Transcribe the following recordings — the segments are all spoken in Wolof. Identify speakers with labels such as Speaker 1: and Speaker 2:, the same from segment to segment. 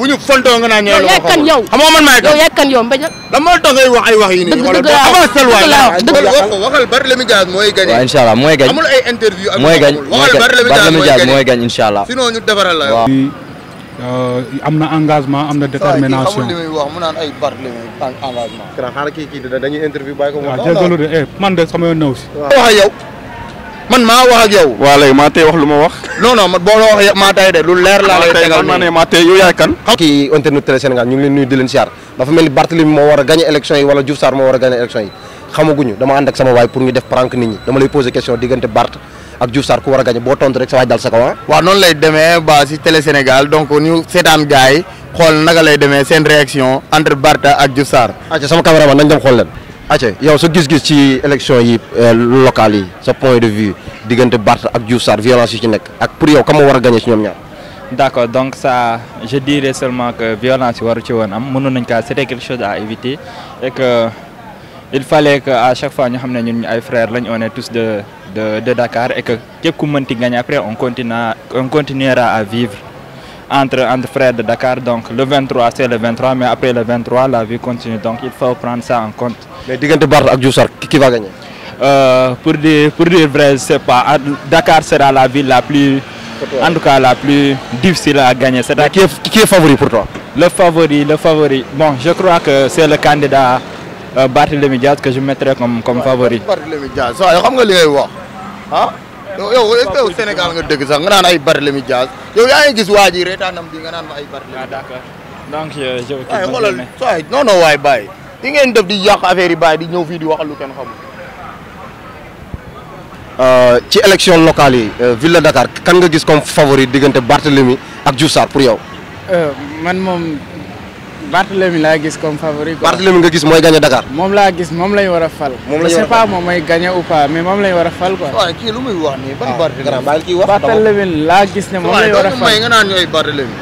Speaker 1: bu ñu fontoo nga naan ñooy. yow kan yow xam nga man maay kan yow kan yow Mbadja. dama toog ngay wax ay wax yi nii. dëgg dëgg laa wax dëgg laa wax dëgg laa wax waxal Barthélémy Dias mooy gañ.
Speaker 2: waaw incha allah mooy gañ amul
Speaker 1: ay interview ak mooy gañ waxal Barthélémy Dias mooy gañ
Speaker 2: incha allah. sinon ñu defaral la. waaw
Speaker 1: euh, am na engagement am na détermination. li muy wax mu naan ay Barthélémy engagement. xaaral kii kii dañuy interview bàyyi ko. waaw jégalu de eh, man de sama yoon néew si. waaw yow. man maa wax ak yow. waaw léegi maa tey wax lu ma wax. boo la waxee maa tey de lu leer laa
Speaker 3: lay. tegal maa ñu ngi leen nuyu di leen siyaar dafa mel ni Barthélemy moo a gagné élection yi wala Diouf Sarr moo a waay pour ñu def prank nit ñi dama lay
Speaker 1: a gagné boo tontu rek sa waay dal sa kaw ah. waaw noonu lay demee ba si télé Sénégal donc ñu seetaan gars xool naka lay demee seen réaction entre Barth ak Diouf Sarr. ayca sama caméraman nañ dem xool
Speaker 3: leen ace yow sa gis-gis ci élection yi euh, locales yi sa point de vue diggante Barth ak Diouf Sarr violence yi ci nekk ak pour yow ka ma war a gagné ci ñoom ñaar
Speaker 1: d'accord donc ça je dirais seulement que violence yi waru ci woon am mënoon nañ kaa c'était quelque chose à éviter et que il fallait que à chaque fois ñu xam ne ñun ñu ay frères lañ on est tous de de de Dakar et que ku mënti gagné après on continue continuera à vivre entre, entre frères Dakar. Donc le 23, c'est le 23, mais après le 23, la vie continue. Donc il faut prendre ça en compte. Mais Digante Barthes et Djoussar, qui va gagner euh, pour, dire, pour dire vrai, je ne sais pas. Ah, Dakar sera la ville la plus, en tout cas la plus difficile à gagner. qui, est, favori pour toi Le favori, le favori. Bon, je crois que c'est le candidat euh, Barthes Diaz que je mettrais comme, comme ouais, favori. Barthes yow est-ce Sénégal nga dëgg sax nga naan ay Barthélemy Dias yow yaa ngi gis waa ji reetaanam bi nga naan ma ay Barthélemy Dias. Ah, d'accord donc euh, je vous. waaye xoolal waaye non di ngeen def di yàq affaire yi bàyyi di ñëw fii di waxal lu kenn xamul.
Speaker 3: Euh, ci élection locale yi euh, ville de Dakar kan nga gis comme favori diggante Barthélemy ak Diouf Sarr pour yow.
Speaker 1: man moom. Barthélemy laa gis comme favori quoi. Barthélemy nga gis mooy gagné Dakar. moom laa gis moom lañ war a fal. moom lañ war a fal je sais pas moom mooy gagné ou pas mais moom lañ war a fal quoi. waaw kii lu muy wax nii ban Barthélemy. waaw Barthélemy laa gis ne moom lañ war a fal waaye nga naan ñooy Barthélemy.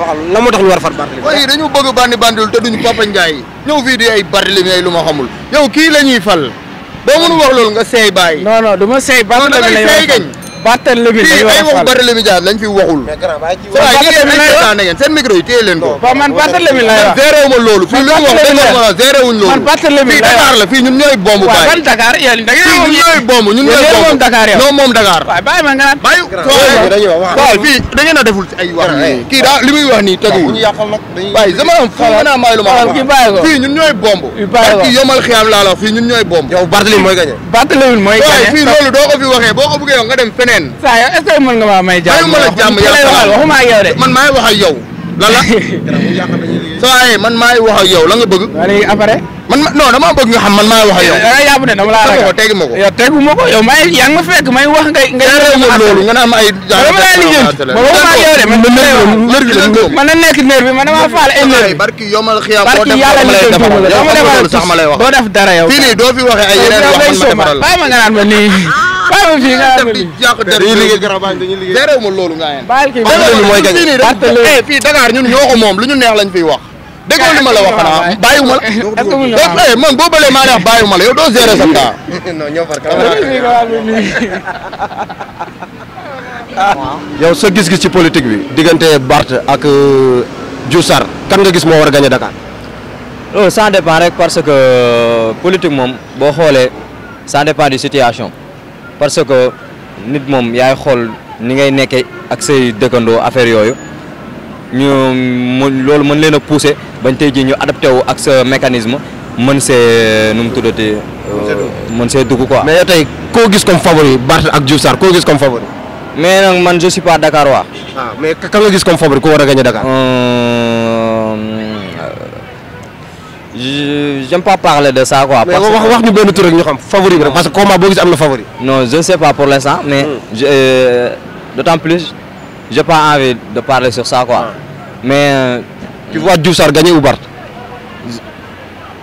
Speaker 1: waxal lan moo tax ñu war a fal Barthélemy. waaye dañu bëgg bandi bandul te duñu Papa Ndiaye. ñëw fii di ay Barthélemy ay lu ma xamul. yow kii la ñuy fal. boo mënu wax loolu nga seey bàyyi. non non du ma seey Barthélemy lañ war a fal Barthélémy fii ay waxu Barthélémy Dias lañ fi waxul. mais grand baa ji ngeen seen micro yi téye leen ko. waaw man Barthélémy lay wax man géré wu ma loolu. fii lu mu wax dëgg la géré wuñ loolu. man Barthélémy lay wax fii Dakar la fii ñun ñooy bomb. waaw ban Dakar yéen da ngeen moom fii ñun ñooy bomb ñun ñooy bomb. moom Dakar yow non moom Dakar. waaw bàyyi ma nga naan bàyyi. waaw fii da ngeen a deful ci ay wax. Eh. kii daa li muy wax nii teguwul. waaye sama am fu mën a may lu ma wax. fii ñun ñooy bomb. kii yomal xiyaam laa la fii ñun ñooy bomb. yow Barthélémy mooy gañe. Barthélémy mooy gañe. fii loolu doo ko fi waxee boo ko bëggee nga dem feneen keneen. saa yow est-ce que mën nga maa may. jàmm ma la jàmm yàlla waxuma ak yow de. man maay wax ak yow. lan la. saa man maay wax ak yow la nga bëgg. waaw léegi après. man ma non dama bëgg nga xam man maay wax ak yow. da ngay yàpp ne dama laa ragal tegu ma ko yow tegu ma ko yow may yaa ngi ma fekk may wax ngay. ngay loolu nga naan ma ay. dama laa liggéey ba waxuma ak yow de man. nerf bi la ñu man na nekk nerf bi man damaa faale ay nerf bi. barki yomal xiyam boo def dama lay defal yow xam nga loolu sax ma lay wax. doo def dara yow. fii nii doo fi waxee ay yeneen wax man ma defaral la. bàyyi ma nga naan
Speaker 4: ma nii
Speaker 1: bàyyi ma fii nga loolu nga yéen. bàyyi kii loolu eh, moom lu ñu neex lañ fiy wax. déggoo li ma la wax xanaa bàyyiwuma la.
Speaker 4: est
Speaker 1: eh, man boo bëlee maa neex bàyyiwuma la yow doo gérer sa kaa.
Speaker 3: sa gis-gis ci politique bi diggante Bart ak euh, Diouf Sarr nga gis moo war a gagné Dakar.
Speaker 2: loolu oh, ça rek parce que euh, politique moom boo xoolee ça dépend du situation. parce que nit moom yaay xool ni ngay nekkee ak say dëkkandoo affaire yooyu ñu loolu mën leen a pousser bañ tey ji ñu adapté wu ak sa mécanisme mën see nu mu tuddati. Euh, mën see dugg quoi. mais yow
Speaker 3: tey koo gis comme favori
Speaker 2: Barth ak Diouf Sarr koo gis comme favori. mais nag man je suis pas Dakar waa. ah mais kan nga gis comme favori ku war a gagné Dakar. Euh, j'aime pas parler de ça quoi. mais wax wax ñu
Speaker 3: benn tur rek favori parce que combat boo am na
Speaker 2: favori. non je ne sais pas pour l'instant mais. Hmm. Euh, j'ai pas envie de parler sur ça quoi. Ah. mais. Euh, tu vois Diouf Sarr gagner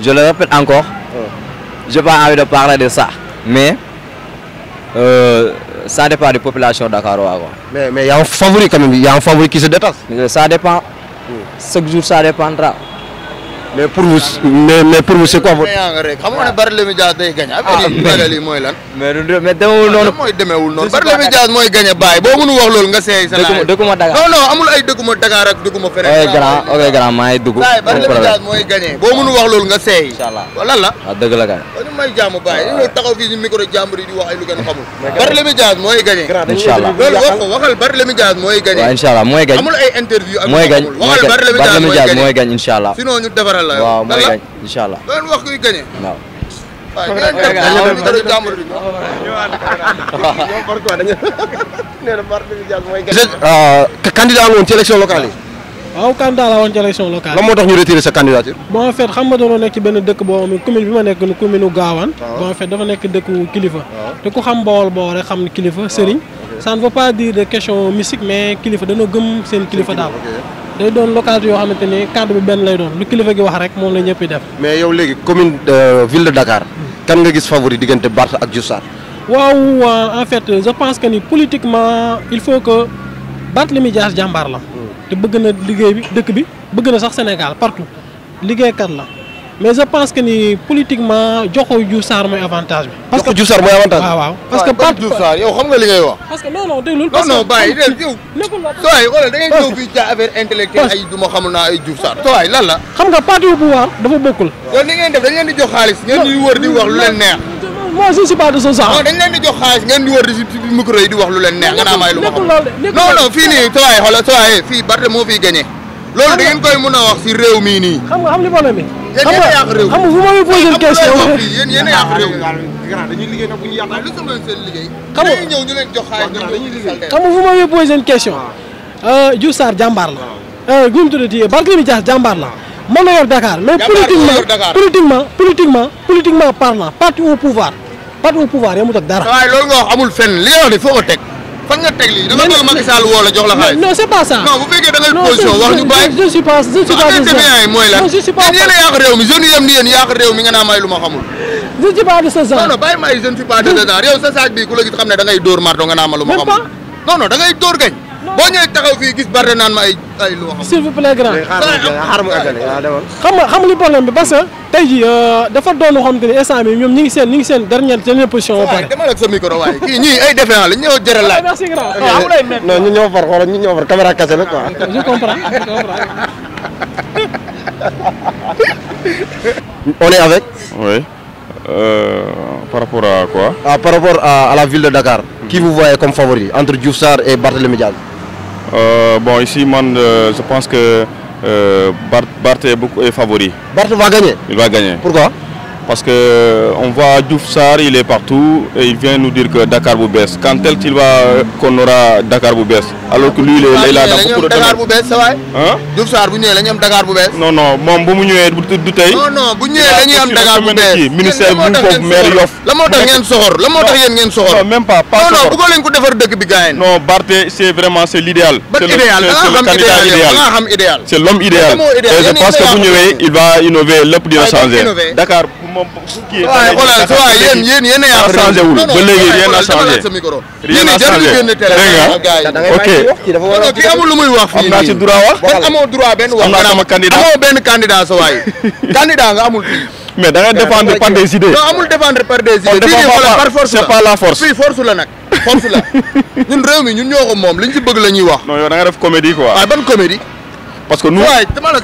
Speaker 2: je le répète encore. Ah. j'ai pas envie de parler de ça. mais euh, ça a un favori quand même y a un favori qui hmm. chaque jour ça dépendra. mais pour vous mais mais pour vous c'est quoi votre.
Speaker 1: xam nga ne Barthélémy Dias day gagné. ah mooy lan. mais mais demeewul ah, noonu. mooy demeewul noonu Barthélémy Dias
Speaker 2: mooy gagné baay boo mënu wax loolu nga seey. sa laaj dëgguma Dakar non
Speaker 1: non amul ay dëgguma Dakar ak dëgguma feneen. Eh,
Speaker 2: ok ngi dugg. Barthélémy Dias
Speaker 1: mooy gagné boo mënu wax loolu nga seey. incha allah lan la. Ah, dëgg la kay. may jaamu bàyyi dañoo taxaw fii si micro jàmbur yi di wax ay lu kenn xamul. Barthélémy Dias mooy gagné. incha allah loolu wax ko
Speaker 2: waxal Barthélémy Dias mooy gagné. waaw incha allah mooy gagné amul
Speaker 1: ay interview. ak mooy gagné waxal Barthélémy Dias mooy
Speaker 2: gagné incha allah. sinon ñu defaral la yow. waaw mooy gagné incha allah
Speaker 1: loolu wax kuy gagné. waaw. waaw ñu ngi leen di def micro jàmbur yi. ñoom Barthélémy Dias mooy gagné.
Speaker 3: Euh, candidat woon ci élection
Speaker 4: locale yi. waaw candidat laa woon ci élection locale. lan moo tax ñu retiré sa candidature. bon en fait xam nga doonoo nekk ci benn dëkk boo xam ne commune bi ma nekk ni commune Gawane. bon en fait dafa nekk dëkku kilifa. te ku xam Bawol Bawol rek xam kilifa sëriñ. ça ne pas dire de question mystique mais kilifa dana gëm seen kilifa daal. day doon localité yoo xamante ne cadre bi benn lay doon lu kilifa gi wax rek moom la ñëpp def. mais yow
Speaker 3: léegi commune euh, ville de Dakar. kan nga gis favori diggante Barth ak Diouf Sarr.
Speaker 4: waaw en fait je pense que ni politiquement il faut que Barthélémy Dias jàmbaar la. te bëgg na liggéey bi dëkk bi bëgg na sax Sénégal partout liggéeykat la mais je pense que ni politiquement joxo Diouf Sarr mooy avantage bi. parce que Diouf Sarr mooy avantage waaw parce que parti
Speaker 1: Diouf yow xam nga li wax. parce que non non déglul. parce que non non bàyyi yow. nekkul waa Sowaay la. xam nga parti bu pouvoir dafa bokkul. yow ni ngeen def dañ di jox xaalis. ngeen di wër di wax lu leen neex. moi je suis pas de ce genre. non dañ leen di jox xaalis ngeen di wër di ci micro yi di wax lu leen neex. nga naa may lu ma xam non non fii nii tawaay xoolal tawaay fii Barth moo fiy gagné. loolu da ngeen koy mën a wax si réew mii nii. xam nga xam li ma la mii. yéen yéen a yàq réew xam
Speaker 4: nga bu ma la posé question. yéen
Speaker 1: yéen a yàq réew. dañuy liggéey nag bu ñu yàqee lu soxla leen seen liggéey. xam nga dañuy ñëw ñu leen jox xaalis dañuy liggéey. xam nga bu ma
Speaker 4: la posé question. Euh, Diouf Sarr jàmbaar la. Guy Moussa Dieng Barthélémy Dias jàmbaar la. mën na yor Dakar mais politiquement politiquement politiquement au pouvoir parti au pouvoir yemut dara. waaye loolu nga amul fenn li nga wax de foo ko teg. fan
Speaker 1: nga teg lii position wax ñu bàyyi. je pas je suis pas de ça mooy lan. je suis pas de ça yéen a yàq réew mi jeunes lu ma xamul. je pas de ce genre non non bi ku gis xam ne da ngay marto nga ma lu ma xamul. non non da boo ñëwee taxaw fii gis Bardé naan ma ay ay lu wax.
Speaker 4: s'il vous plaît grand xaar mu àggale xam nga xam nga li problème bi parce que tey jii euh, dafa doon loo xam te ne instant bi ñoom ñi ngi seen ñi ngi seen dernière dernière position. ba pare
Speaker 1: demal ak sa micro waaye kii ñii ay défense la ñoo
Speaker 3: jëral laaj. Ah,
Speaker 4: merci grand ah, non
Speaker 1: ñu ñoo far xoolal ñu
Speaker 3: ñoo far caméra cassé
Speaker 1: la quoi.
Speaker 4: je comprends je comprends.
Speaker 1: on est avec. oui. Euh, par rapport à quoi ah, Par rapport à, à, la ville de
Speaker 3: Dakar, mmh. qui vous voyez comme favori entre Diouf Sarr et Barthélémy Diaz Euh, bon, si man,
Speaker 1: euh, je pense que euh, Bart, Bart est, beaucoup, favori. Bart va gagner Il va parce que on voit Diouf Sarr, il est partout et il vient nous dire que Dakar Boubès. Quand tel qu'il va qu'on aura Dakar Boubès, alors que lui il est là dans beaucoup de Dakar bu bees sa waay. Diouf Sarr bu ñëwee la ñu am Dakar bu bees. non non moom bu mu ñëwee du tey. non non bu ñëwee la ñuy am Dakar bu bees. ministère bu foofu maire Yoff. la moo tax ngeen soxor la moo tax yéen ngeen soxor. non même pas pas soxor non non bëggoo leen ko defar dëkk bi gars yi. non Barthé c' est vraiment c' est l' idéal. c' est le candidat idéal da nga xam idéal c' est l' homme idéal. et je pense que bu ñëwee il va innover lépp dina changer.
Speaker 4: Dakar moom
Speaker 1: kii. waaye xoolal sa waay yéen yéen yéen a changé wul ba léegi rien a changé.
Speaker 4: rien a changé dégg nga ok kii dafa war a kii amul lu muy wax fii am naa ci droit wax kenn amoo droit benn wax amoo benn
Speaker 1: candidat sa waay candidat nga amul fii mais da nga défendre par des idées non amul défendre par des idées fii nii par force c'est pas la force fii force la nag force la ñun réew mi ñun ñoo ko moom liñ ci bëgg la ñuy wax non yow da nga def comédie quoi waaw ban comédie parce que nous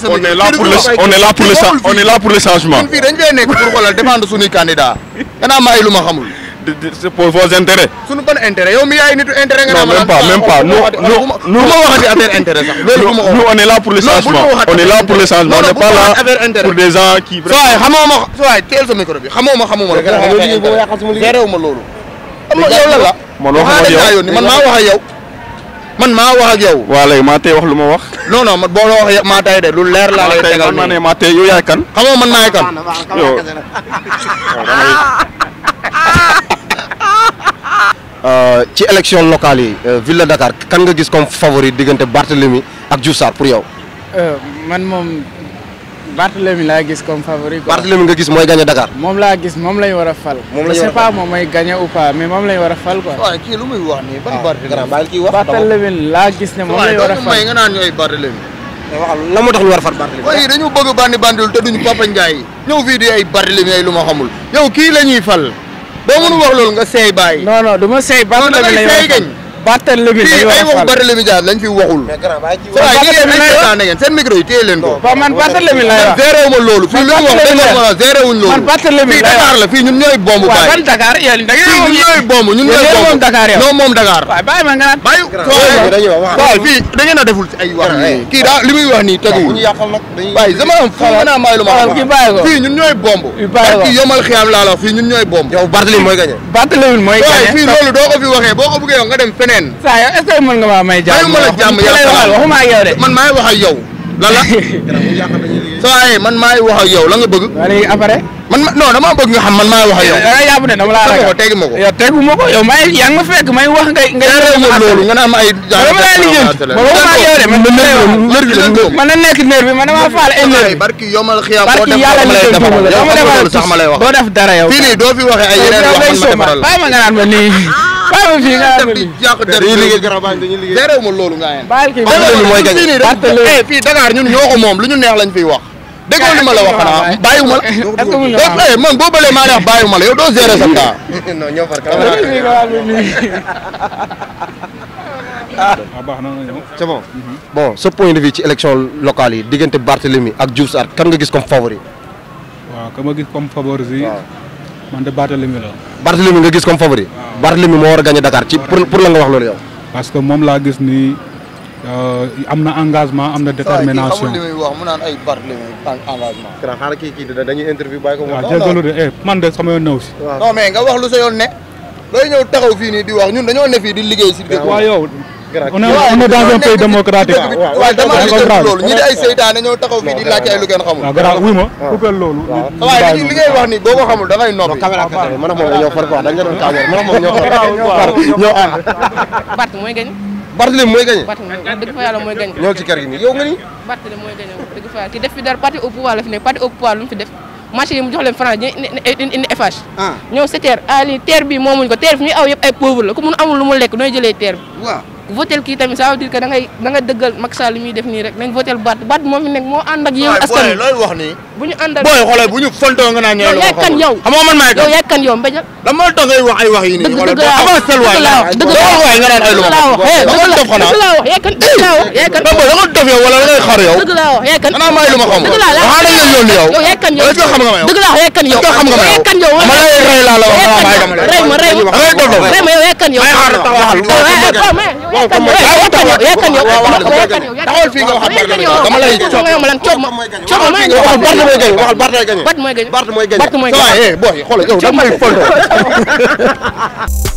Speaker 1: on est là pour le on est là pour le on est là pour le changement fii dañ fee nekk pour xoolal défendre suñuy candidat ganaa maay lu ma xamul pour vos intérêts. sunu ban intérêt yow mi yaay nitu intérêt nga. non même pas même pas nous nous ma waxati affaire intérêt sax loolu ma nous on est là pour le changement on est là pour le changement on n'est pas là pour des gens qui. soo waay xamoo ma soo waay teel sa micro bi xamoo ma xamoo ma rek. yow ma loolu. yow la la. man maa wax ak yow. man maa wax ak yow. waaw léegi maa tey wax lu ma wax. non non man boo la waxee maa tey de lu leer laa lay tegal. maa tey man maa ne maa tey yow yaay kan. xamoo man maay kan. yow.
Speaker 3: Euh, ci élection locale yi euh, ville de Dakar kan nga gis comme favori diggante Barthélemy ak Diouf Sarr pour yow.
Speaker 1: Euh, man moom Barthélemy laa gis comme favori. Barthélemy nga gis mooy gagné Dakar. moom laa gis moom lañ war a fal. moom lañ war a fal je sais pas moom mooy gagné ou pas mais moom lañ war a fal quoi. waaw kii lu muy wax nii ban ah, Barthélemy. waaw Barthélemy laa gis ne moom lañ war a fal waaye nga naan ñooy Barthélemy. waxal lan moo tax ñu war a far Barthélemy. waaye dañu bëgg bandi bandul te duñu Papa Ndiaye ñëw fii di ay Barthélemy ay lu ma xamul yow kii la ñuy fal. doo mënu wax loolu nga seey bàyyi. non non du ma seey. bàtt la bi lay wax Barthélemy fii ay waxu Barthélemy Dias lañ fi waxul. waaw gis ngeen ay temps na ngeen seen micro yi téye leen ko. waaw man Barthélemy lay wax man géré wu ma loolu. fii lu mu wax dañ ko géré wuñ loolu. man Barthélemy lay wax fii Dakar la fii ñun ñooy bomb. waaw ban Dakar yéen da ngeen moom ñooy bomb ñun ñooy bomb moom Dakar yow. non moom Dakar. waaw bàyyi ma nga naan. bàyyi waaw fii da ngeen a deful ci ay wax nii. kii daa li muy wax nii teguwul. waaye sama fu mu mën a may lu ma wax. fii ñun ñooy bomb. kii yomal xiyaam laa la wax fii ñun ñooy bomb. yow Barthélemy mooy gañe. Barthélemy mooy gañe. fii loolu doo ko fi waxee boo ko bëggee wax nga dem feneen keneen. saa yow est ce que mën nga maa may. jàmm ma la jàmm yàlla waxuma ak yow de. man maay wax ak yow. lan la. saa man ma non nga xam man maay wax ak yow. da ngay yàpp ne ma ko. yow tegu ma ko yow maa ngi yaa ngi ma fekk may wax ngay. ngay yow loolu nga naan ma ay. dama laa lijjanti ma waxuma ak yow de man. nër bi la man na nekk nër bi man damaa faale ay nër. barki yomal xiyaam boo def yàlla li sax ma lay wax. boo def dara yow. fii nii doo ay yeneen wax ma nga naan
Speaker 4: ma nii
Speaker 1: bàyyi fii nga def a ma loolu nga yeen baal kii mooy gañ ñun ñoo ko moom lu ñu neex lañu fiy wax déggoo li ma la wax xanaa bàyyiwuma la doo man boo bëlee maa ne wax bàyyiwuma la yow doo gérer sa cas
Speaker 3: non ñoo far baax na c'est bon bon ce point ci élection locale yi diggante Barthélemy ak Diouf Sarr kan nga gis comme favori
Speaker 4: ma gis comme favori man de Barthélemy la.
Speaker 3: Barthélemy nga gis comme favori. waaw Barthélemy moo war a
Speaker 1: Dakar ci pour la nga wax loolu yow. parce que moom laa gis ni euh, am na engagement am na détermination. li muy wax de eh man de sama yoon néew si. non nga wax lu sa yoon ne. looy ñëw taxaw fii nii di wax ñun dañoo ne fii di liggéey si. waaw waaw yow. on est dans un pays démocratique. waaw damaa dégg loolu ñi di ay seytaane ñoo taxaw fii di laajte ay lu ngeen xamul. waaw garaaw wuy ma coupé
Speaker 4: loolu. waaye li ngay
Speaker 1: wax nii boo ko xamul dangay noppi. man ak moom ñoo far quoi dañu doon kaamel
Speaker 4: man ak moom ñoo far
Speaker 3: ñoo
Speaker 1: ànd. Bart mooy gañ. Barthélémy mooy gañ. Barthélémy wax dëgg fa yàlla mooy gañ. ñëw ci kër gi nii yow nga nii. Barthélémy mooy gañ wax dëgg fa yàlla ki def fi dara parti au pouvoir la fi nekk parti au pouvoir lu mu fi def marché yi mu jox leen France ñu indi indi FH. ñëw sa terre ah lii terre bi moomuñ ko terre fi ñuy aw yëpp ay pauvre la ku mun amul lu mu lekk nooy jëlee terre bi waaw votel kii tamit ça veut dire da ngay da nga dëggal Macky Sall def nii rek nañ votel baat baat moom mi nekk moo ànd ak yow askan wax nii bu ñu ànd booy xoolee bu ñu fontoo nga nga man maay kan yow yaay kan yow mbéjal la moo tax ngay wax ay wax yi nii wala avant dëgg la waay nga naan ay lu ma dëgg dëgg la wax yaay da nga dof yow wala da ngay xar yow dëgg la wax yaay kan ana may lu ma xam dëgg la wax la yoon yow yow yaay kan yow xam dëgg la wax yaay kan yow ma yow yaay laa la wax ma may dama lay rey ma rey ma kan yow taxawal fii nga wax dama lay coob ma lan coob ma coob ma waxal Barth mooy gañ waxal Barth gañ Barth mooy gañ Barth mooy gañ eh, boy xoolal yow dama lay fonto